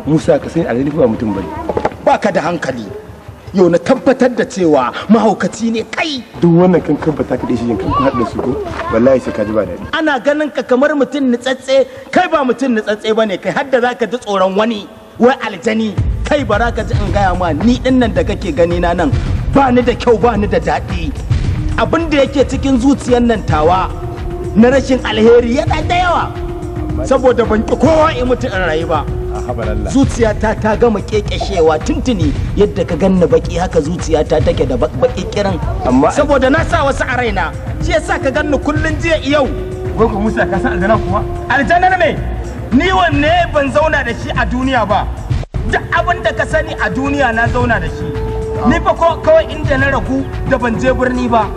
Musa ka sai a ba mutum bane. Ba ka da hankali. yau na tabbatar da cewa mahaukaci ne kai duk wannan kan kabbata ka shi kan haɗa da su ko wallahi sai ka ji ba daɗi ana ganin ka kamar mutum nitsatse kai ba mutum nitsatse bane kai har da zaka ji tsoron wani wai aljani kai bara ka ji in gaya ma ni din nan da kake gani na nan ba ni da kyau ba ni da daɗi abin da yake cikin zuciyar nan tawa na rashin alheri yana da yawa saboda ban ki kowa in mutu in rayu ba zuciyata ta gama kekeshewa tuntuni yadda ka ganna baki haka zuciyata take da baki kiran saboda na sa wasu a raina shi yasa ka ganni kullun jiya yau gogo musa ka san aljana kuma aljana ne ni wanne ban zauna da shi a duniya ba duk abin da ka sani a duniya na zauna da shi ni fa kawai inda na ragu da ban je birni ba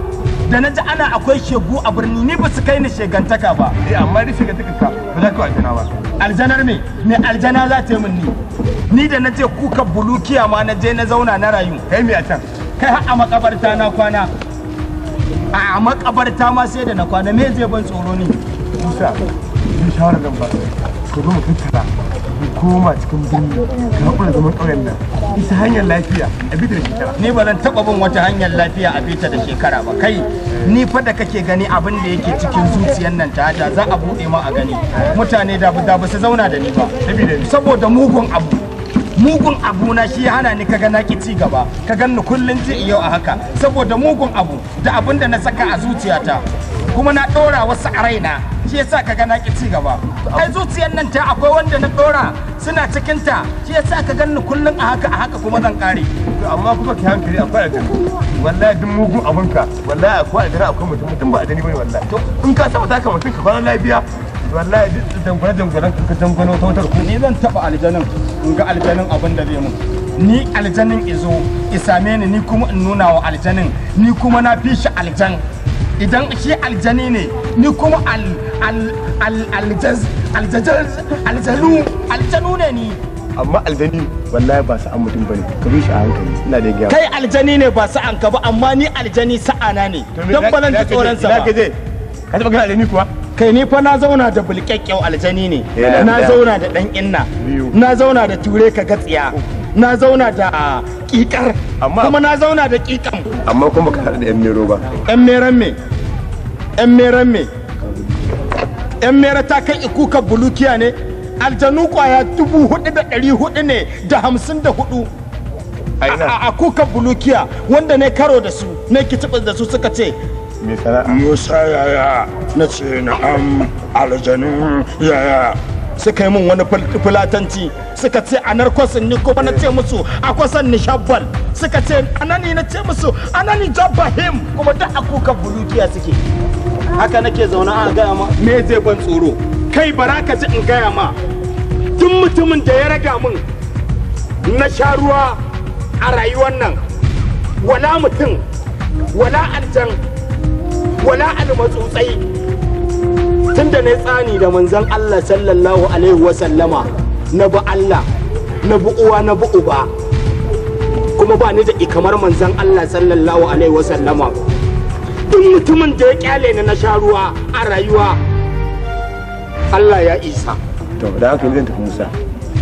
da na ji ana akwai shegu a birni ni ba su kai ni shegantaka ba eh amma ni shegantaka ka ba za ka aljana ba aljanar me me aljana za ta yi min ni ni da na je kuka bulukiya ma na je na zauna na rayu kai me a can kai har a makabarta na kwana a makabarta ma sai da na kwana me zai ban tsoro ne Musa, ni shawara zan ba ka mu tattara mu koma cikin birni ka haƙura zaman ƙauyen nan isa hanyar lafiya a bita da shekara ni ba zan taɓa bin wata hanyar lafiya a bita da shekara ba kai ni fa da kake gani abin da yake cikin zuciyar nan ta za a buɗe ma a gani mutane da ba su zauna da ni ba saboda mugun abu mugun abu na shi hana ni kaga na ki ci gaba ka ganni kullun ji yau a haka saboda mugun abu da abin da na saka a zuciyata kuma na dora wasu a raina shi yasa kaga na ki ci gaba ai zuciyar nan ta akwai wanda na dora suna cikin ta shi yasa ka ganni kullun a haka a haka kuma zan kare amma kuma ki hankali akwai a jiki wallahi duk mugun abinka wallahi akwai a jira akwai mutum mutum ba a dani bane wallahi to in ka saba ta ka mutum ka fara lafiya wallahi duk dangwane dangwane ka dangwano wata wutar ni zan taba aljanin in ga aljanin abin da zai mun ni aljanin izo isame ni ni kuma in nuna wa aljanin ni kuma na fi shi aljan idan shi aljani ne ni kuma al al al aljaz aljanu aljanu ne ni amma aljani wallahi ba sa'an mutum bane ka bi shi a hankali ina da gyawa kai aljani ne ba sa'an ka ba amma ni aljani sa'ana ne dan balan tsoron sa ba ka je ka taba gana kuwa kai ni fa na zauna da bulƙaƙƙen aljani ne eh, na zauna da ɗan inna na zauna da ture ka gatsiya na zauna da ƙiƙar kuma na zauna da ƙiƙan amma kuma ka haɗu da yan mero ba yan meran me yan meran me yan mera ta kai ikuka bulukiya ne aljanu kwaya dubu hudu da ɗari hudu ne da hamsin da hudu a bulukiya wanda ne karo da su ne kitibin da su suka ce musa yaya na ce na'am aljanin yaya suka yi min wani fulatanci suka ce a narkosin ni kuma na ce musu a kwasan ni shabbal suka ce anani na ce musu anani jabbahim kuma duk a kuka bulukiya suke haka nake zaune a gaya ma me zai ban tsoro kai bara ka ji in gaya ma duk mutumin da ya raga min na sha ruwa a rayuwar nan wala mutum wala aljan wala almatsutsai tun da na tsani da manzon Allah sallallahu alaihi wa sallama na bi Allah na bi uwa na bi uba kuma ba ni da ikamar manzon Allah sallallahu alaihi wa sallama duk mutumin da ya kyale ni na sha ruwa a rayuwa Allah ya isa to da haka zan tafi Musa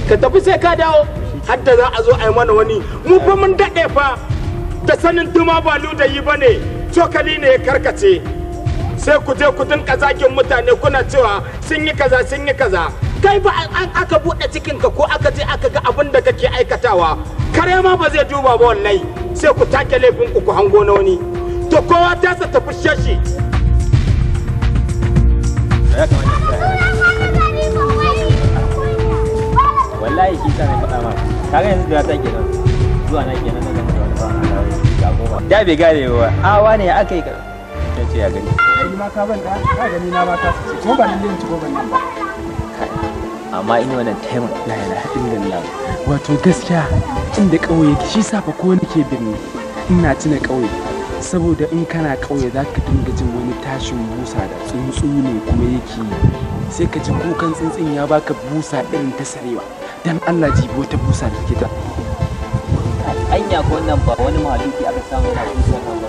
ka tafi sai ka dawo hadda za a zo a yi mana wani mu fa mun daɗe fa da sanin duma ba ludayi ba ne cokali ne ya karkace sai ku je ku dinka zagin mutane kuna cewa sun yi kaza sun yi kaza kai ba an aka buɗe cikinka ko aka je aka ga abin da kake aikatawa kare ma ba zai duba ba wallahi sai ku take laifin ku ku hango na wani to kowa ta sa tafi shashi wallahi shi ta na faɗa ma kaga yanzu da ta kenan zuwa na kenan na zama da wani ba da bai gane ba awa ne aka yi kaza kai ce ya gani kai ma ka ban da ka gani na ma ka sace ko ba lalle ci ko ban nan amma in wannan taimun la ilaha illallah wato gaskiya inda kauye yake shi safa ko wani ke birni ina tuna kauye saboda in kana kauye za ka dinga jin wani tashin busa da tsuntsu ne kuma yake sai ka ji kukan tsuntsun ya baka busa irin ta sarewa dan Allah jibo ta busa da kita anya ko nan ba wani mahaluki aka samu na busa nan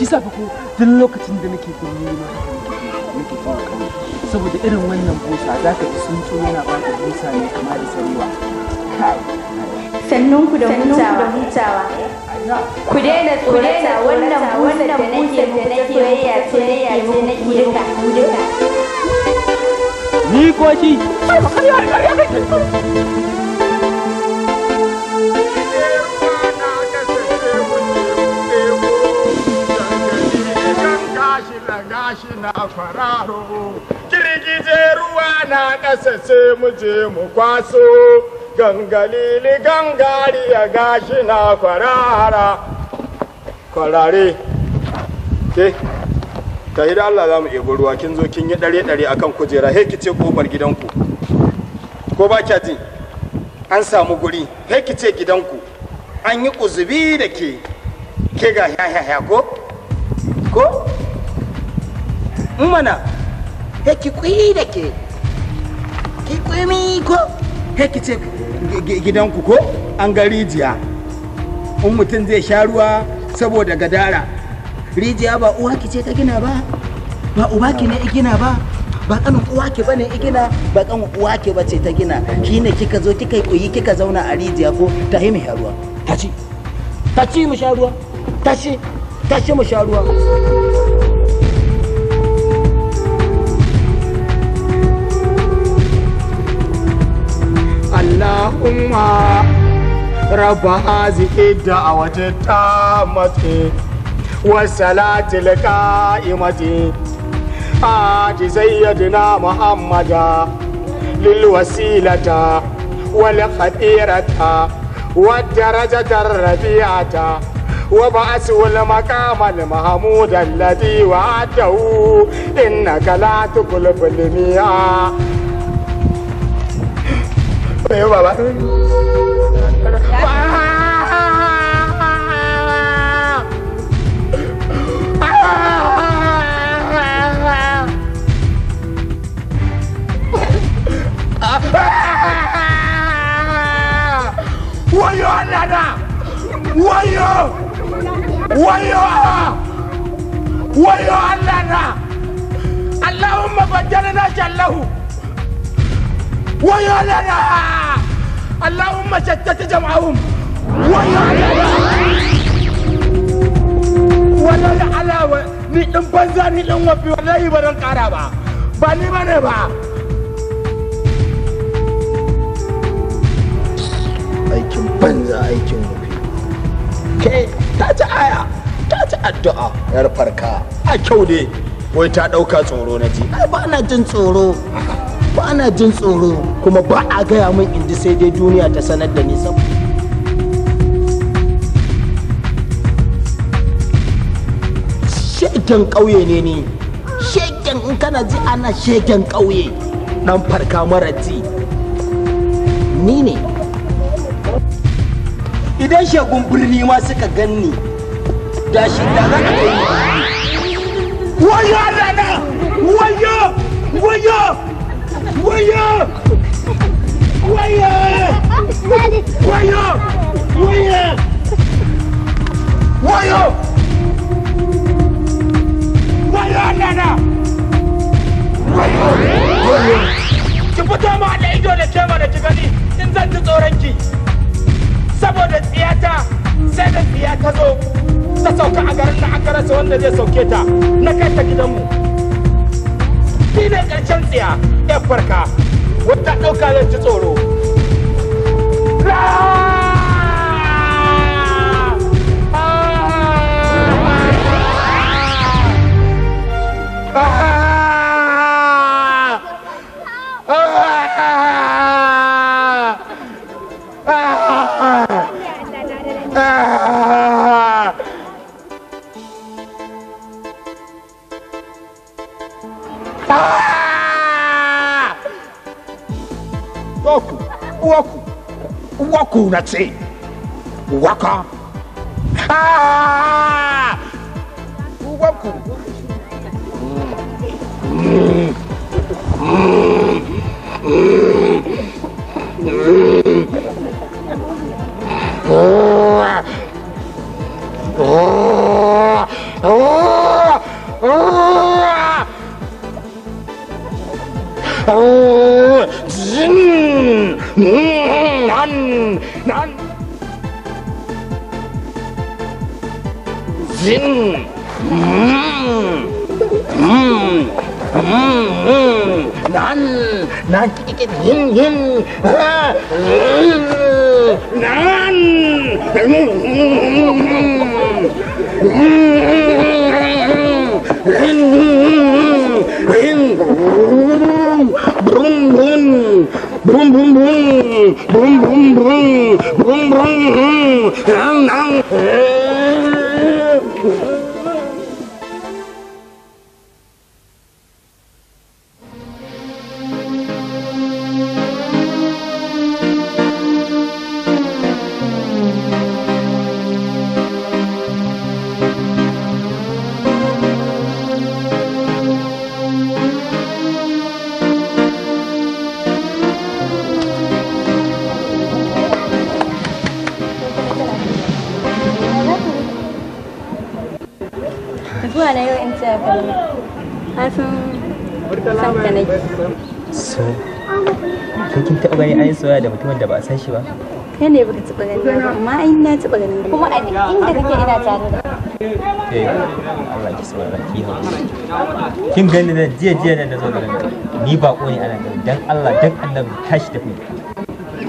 shi sa fa ko duk lokacin da nake gurin yi nake taimaka saboda irin wannan busa za ka ji tsuntsu yana ba da busa ne kama da sarewa sannun ku da hutawa ku daina tsorata wannan busa da nake da nake soyayya ce nake muku duka duka ni ko shi tashi na fararo ruwa na ƙasa sai mu je mu kwaso gangalili gangari ya gashi na farara kwarare ke ta da Allah za mu ebo ruwa kin zo kin yi ɗare-ɗare akan kujera he ki ce ƙofar gidanku ko ba kya ji an samu guri he ki ce gidanku an yi ƙuzubi da ke ke ga ya ya ya ko mana he ki da ke ki mi ko he ki ce gidanku ko an ga rijiya in mutum zai sha ruwa saboda gadara rijiya ba uwa ki ce ta gina ba ba uba ki ne igina ba ba kanin uwa ki bane igina ba kan uwa ki bace ta gina shine kika zo kika koyi kika zauna a rijiya ko ta yi mu sha ruwa tashi tashi mu sha ruwa tashi ci mu sha ruwa Allahumma raba haziki da a wata ta mace wasalati laka imati a ji zayyadu na muhammada lilwasilata wani khadirata wadda rajatar rabiata wa ba a ci wani makaman ladi wa adawu inna kala tukulubulmiya ẹ bàbá. Wọ́yọ̀ ọ̀dàdà! Wọ́yọ̀! Wọ́yọ̀! Wọ́yọ̀ ọ̀dàdà! Allahumma bajjalna jallahu! ويا لنا اللهم شتت جمعهم ويا لنا ولا العلاوة ni ɗin banza ni ɗin wafi wallahi ba don ƙara ba ni ba ne ba aikin banza aikin wafi ke ta ci aya ta ci addu'a yar farka a kyau dai wai ta ɗauka tsoro na ji ai ba na jin tsoro ba na jin tsoro kuma ba a gaya min ji sai dai duniya ta sanar da ni shegen ƙauye ne ni shegen in kana ji ana shegen ƙauye dan farka mara ji ni ne idan shegun birni ma suka ganni da shi da za a kai wayo wayo wayo Waya! Ki fito ma da ido da kema da ki in zan Saboda tsiyata sai da tsiya ta zo ta sauka a garin na aka rasa wanda zai sauke ta na kai ta gidanmu. Shi ne tsiya. yan farka wata ɗauka zan ci tsoro Ah! ah! ah! school, that's it. Waka. Ah! de kai ne baka taɓa ganin ba amma ai na taɓa ganin kuma a duk inda kake ina tare da kai Allah ki saurara ki hakuri kin gani da jiya jiya nan da zo garin ni bako ne ana garin dan Allah dan annabi tashi tafi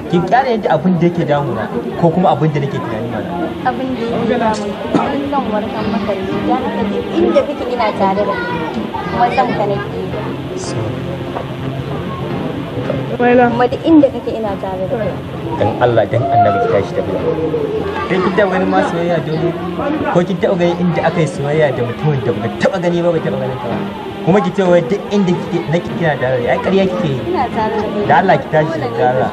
kin kyara yadda abin da yake damuna ko kuma abin da nake tunani ma abin da yake damuna kullum warkan maka ne ya naka inda kake ina tare da kuma san ka nake kuma duk inda kake ina tare da kai Allah dan annabi ki tashi tafiya kai kin taɓa ganin ma soyayya da ko kin taɓa ganin inda aka yi soyayya da mutumin da ba taɓa gani ba ba taɓa ganin ba? kuma ki ce wai duk inda kike na kina tare da ai ƙarya kike yi da Allah ki tashi da Allah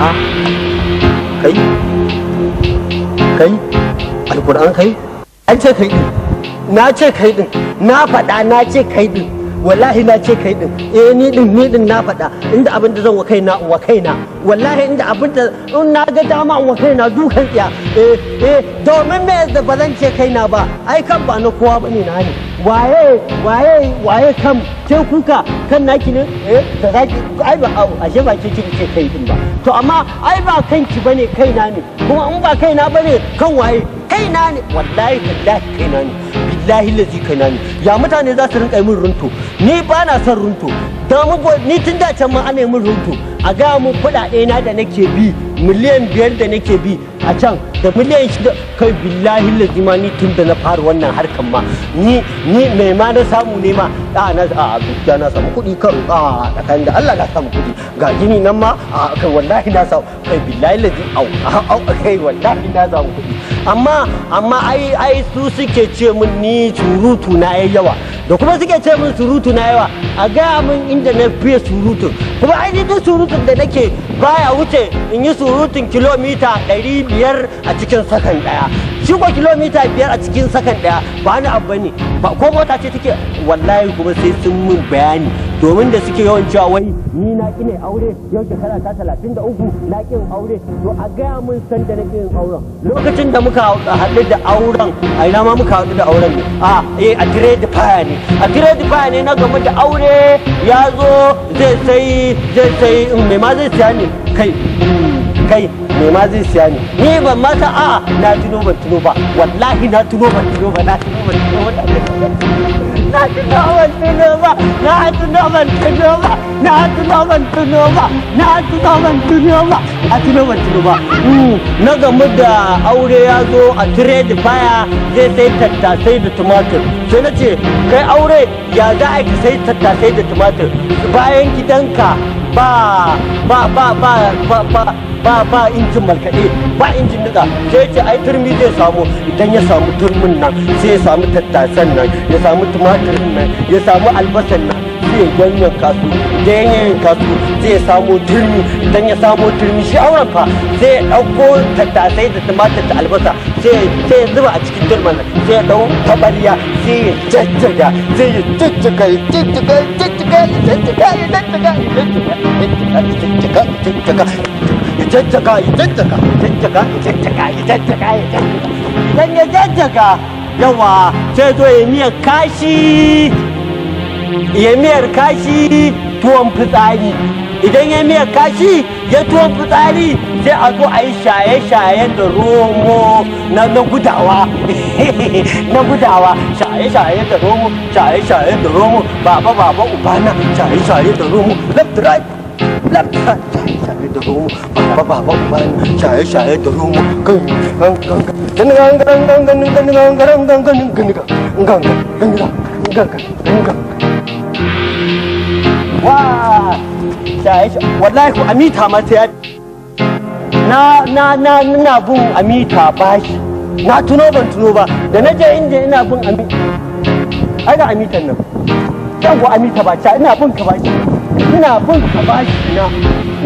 a'a kai kai alkur'an kai an ce kai din na ce kai din na faɗa na ce kai din wallahi na ce kai din eh ni din ni din na faɗa inda abin da zan wa kaina wa kaina wallahi inda abin da in na ga dama wa kaina dukan tsiya eh eh domin me da ba zan ce kaina ba ai kan ba na kowa bane na ne waye waye waye kam, ke kuka kan naki ne eh da zaki ai ba ashe ba ke ce kai din ba to amma ai ba kanki bane kaina ne kuma in ba kaina bane kan waye kaina ne wallahi wallahi kaina ne billahi lazi kaina ne ya mutane za su rinka min runto ni ba na son runto da mu ni tun da can ma ana min runto a ga mu kuɗaɗe na da nake bi miliyan biyar da nake bi a can da miliyan shida kai billahi lazima ni tun da na fara wannan harkan ma ni ni mai ma na samu ne ma a na a gaskiya na samu kuɗi kan a tsakanin da Allah na samu kuɗi ga gini nan ma a kai wallahi na samu kai billahi lazi au au kai wallahi na samu kuɗi amma amma ai ai su suke ce min ni surutu na yayi yawa da kuma suke ce min surutu na yawa a gaya min inda na fiye surutun kuma ai duk surutun da nake baya wuce in yi surutun kilomita 500 biyar a cikin sakan daya shi ko kilomita biyar a cikin sakan daya ba ni abu ne ko mota ce take wallahi kuma sai sun mun bayani domin da suke yawan cewa wai ni na kine ne aure yau shekara ta talatin da uku na kin aure to a gaya mun san da na yin auren lokacin da muka haɗu da auren a ina ma muka haɗu da auren ne a eh a trade fire ne a trade fire ne na game da aure ya zo zai sai zai sai mai ma zai siya ne kai kai me ma zai siya ni ni ba mata a na tuno ban tuno ba wallahi na tuno ban tuno ba na tuno ban tuno ba na tuno ban tuno ba na tuno ban tuno ba na tuno ban tuno ba na tuno ban tuno ba a tuno ban tuno ba hmm, na gamu da aure ya zo a trade baya zai sai tattasai da tumatir sai na ce kai aure ya za a ka sai tattasai da tumatir bayan gidanka ba ba ba ba ba ba ba ba injin markaɗe ba injin duka sai ce ai turmi zai samu idan ya samu turmin nan sai ya samu tattasan nan ya samu tumatirin nan ya samu albasan nan zai ganyen kasu da yanyan kasu zai samo turmi idan ya samo turmi shi auren fa zai ɗauko tattasai da tumatir da albasa sai yanzu ba a cikin turban nan sai ya dau tabariya sai ya jajjaga sai ya jajjaga ya jajjaga ya jajjaga ya jajjaga ya jajjaga ya jajjaga ya jajjaga ya jajjaga ya jajjaga ya jajjaga jajjaga jajjaga ya jajjaga ya jajjaga idan ya jajjaga yawa sai zo ya miyar kashi ya miyar kashi tuwon fitsari idan ya miya kashi ya tuwo fitsari sai a zo a yi shaye-shaye da romo na gudawa na gudawa shaye-shaye da romo shaye-shaye da romo baba baba ubana shaye-shaye da romo left right shaye-shaye da romo baba baba ubana shaye-shaye da da wallahi ku amita ma sai na na na ina bin amita bashi na tuno ban tuno ba da na je inda ina bin amita ai ga amitan nan yan ku amita ba ta ina bin ka bashi ina bin ka bashi na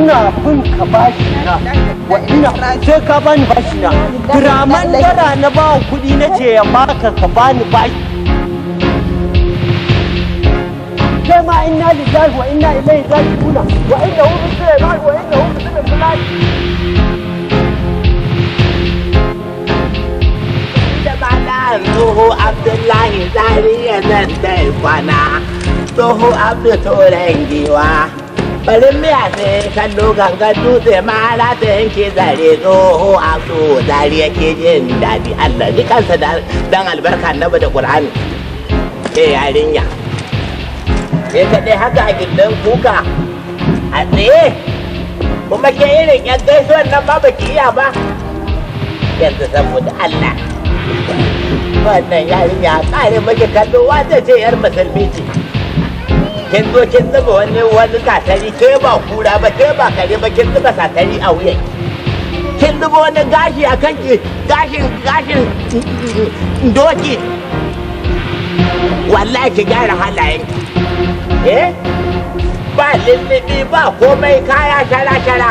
ina bin ka bashi na wa ina sai ka bani bashi na diraman dara na ba kuɗi na ce ya baka ka bani bashi ƙarshe ma inna lillahi wa inna ilaihi raji'una wa inna hu wa Tsoho Abdullahi zariya zan dai kwana, Tsoho Abdu Turen giwa, bari miya sai kallo gangan dutse ma ta yanke zare tsoho Abdu zari yake jin daɗi Allah ji kansa dan albarka annaba da ƙur'ani Eh yarinya. sai kaɗai haka a gindin kuka a tsaye kuma ke irin yan gaisuwan nan ba baki iya ba yanzu saboda Allah wannan yarinya kare maki kallo wata ce yar musulmi ce kin zo kin zuba wani wani satari ke ba kura ba ke ba kare ba kin zuba satari a wuyan kin zuba wani gashi a kan gashin gashin mm, mm, mm, doki wallahi ki gyara halayenki eh ba lullubi ba komai kaya shara-shara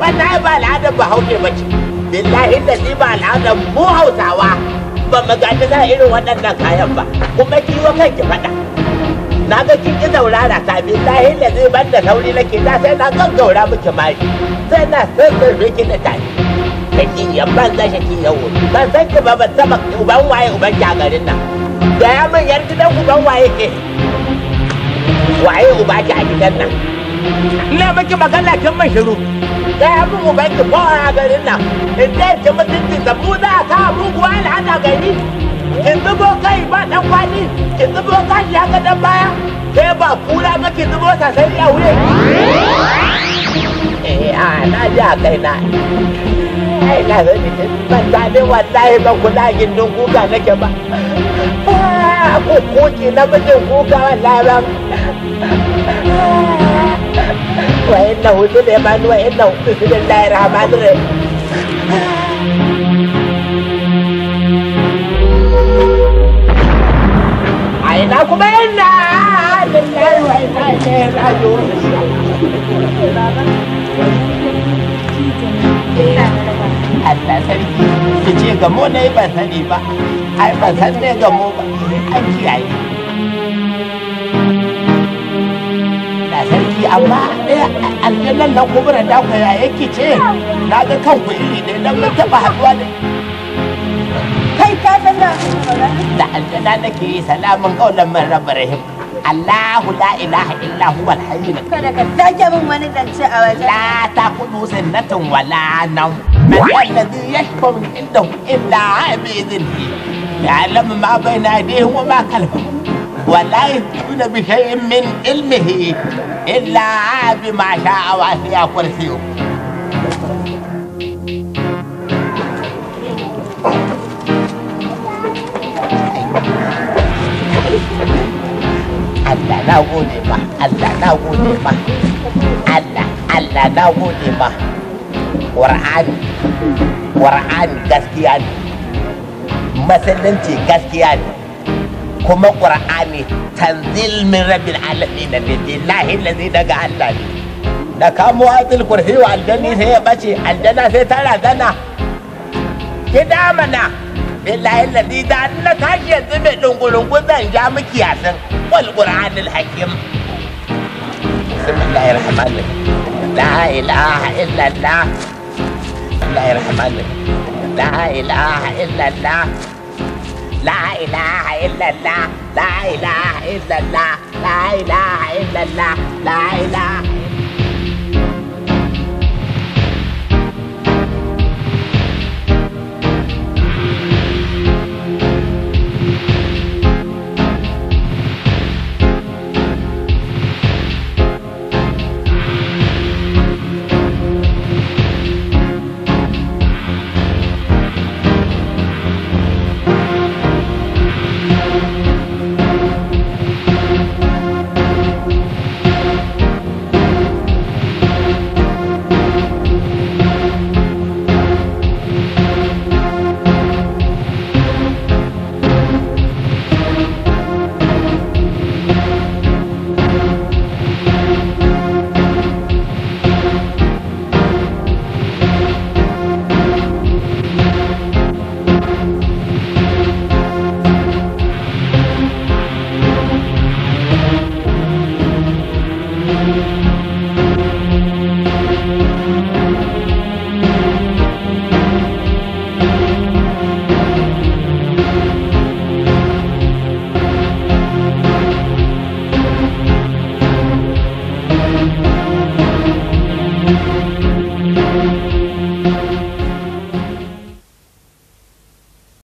wannan ai ba al'adar ba hauke ba ce billahi da ba al'adar mu hausawa ba mu gaji za irin waɗannan kayan ba kuma ki wa kanki faɗa na ga kin ki zaurara ta billahi da zai ban da sauri nake da sai na gaggaura miki mari sai na sirrin ki da tani da ki yamman za shi ki yawo ban san ki ba ban taba uban waye uban ki garin nan da ya min yar gidan uban waye ke waye ubaki ki a gidan nan ina maki magana kin mai shiru sai abu uba ki fara garin nan in dai ki mutunci da mu za a kawo mugu wani hada gari ki zubo kai ba dan kwani ki zubo kai ya ga dan baya sai ba kura ba ki zubo ta sai ya eh a na ji a kai na ai na zai ban ta wallahi ban kula gindin kuka nake ba aku kucing na menunggu kawan larang. وإنه سليمان وإنه بسم الله الرحمن الرحيم عيناكم إنا لله وإنا إليه راجعون Allah sarki ki ce gamo na yi ba sani ba ai ba san ne gamo ba an kiyaye da sarki amma ɗaya aljannan nan kubura da ku ya yake ce na ga kanku iri ɗaya don mun taɓa haɗuwa da kai ka san na da aljanna nake yi salamun ƙaunar man rabbar rahim الله لا اله الا هو الحي لا تاكلوا سنه ولا نوم من الذي يشكو من عنده الا باذنه يعلم ما بين ايديهم وما خلفهم ولا يدركون بشيء من علمه الا بما شاء وعسى كرسيه Allah na gode ma Allah na gode ma Allah Allah na gode ma Qur'ani Qur'ani gaskiya ne masallanci gaskiya ne kuma Qur'ani tanzil min rabbil alamin ne billahi allazi daga Allah ne da kamo azil kursi wa aljanni sai ya bace aljanna sai ta razana kida mana billahi allazi da Allah tashi yanzu mai dungulungun zan ja miki yasin والقرآن الحكيم بسم الله الرحمن الرحيم لا إله إلا الله بسم الله الرحمن الرحيم لا إله إلا الله لا إله إلا الله لا إله إلا الله لا إله إلا الله لا إله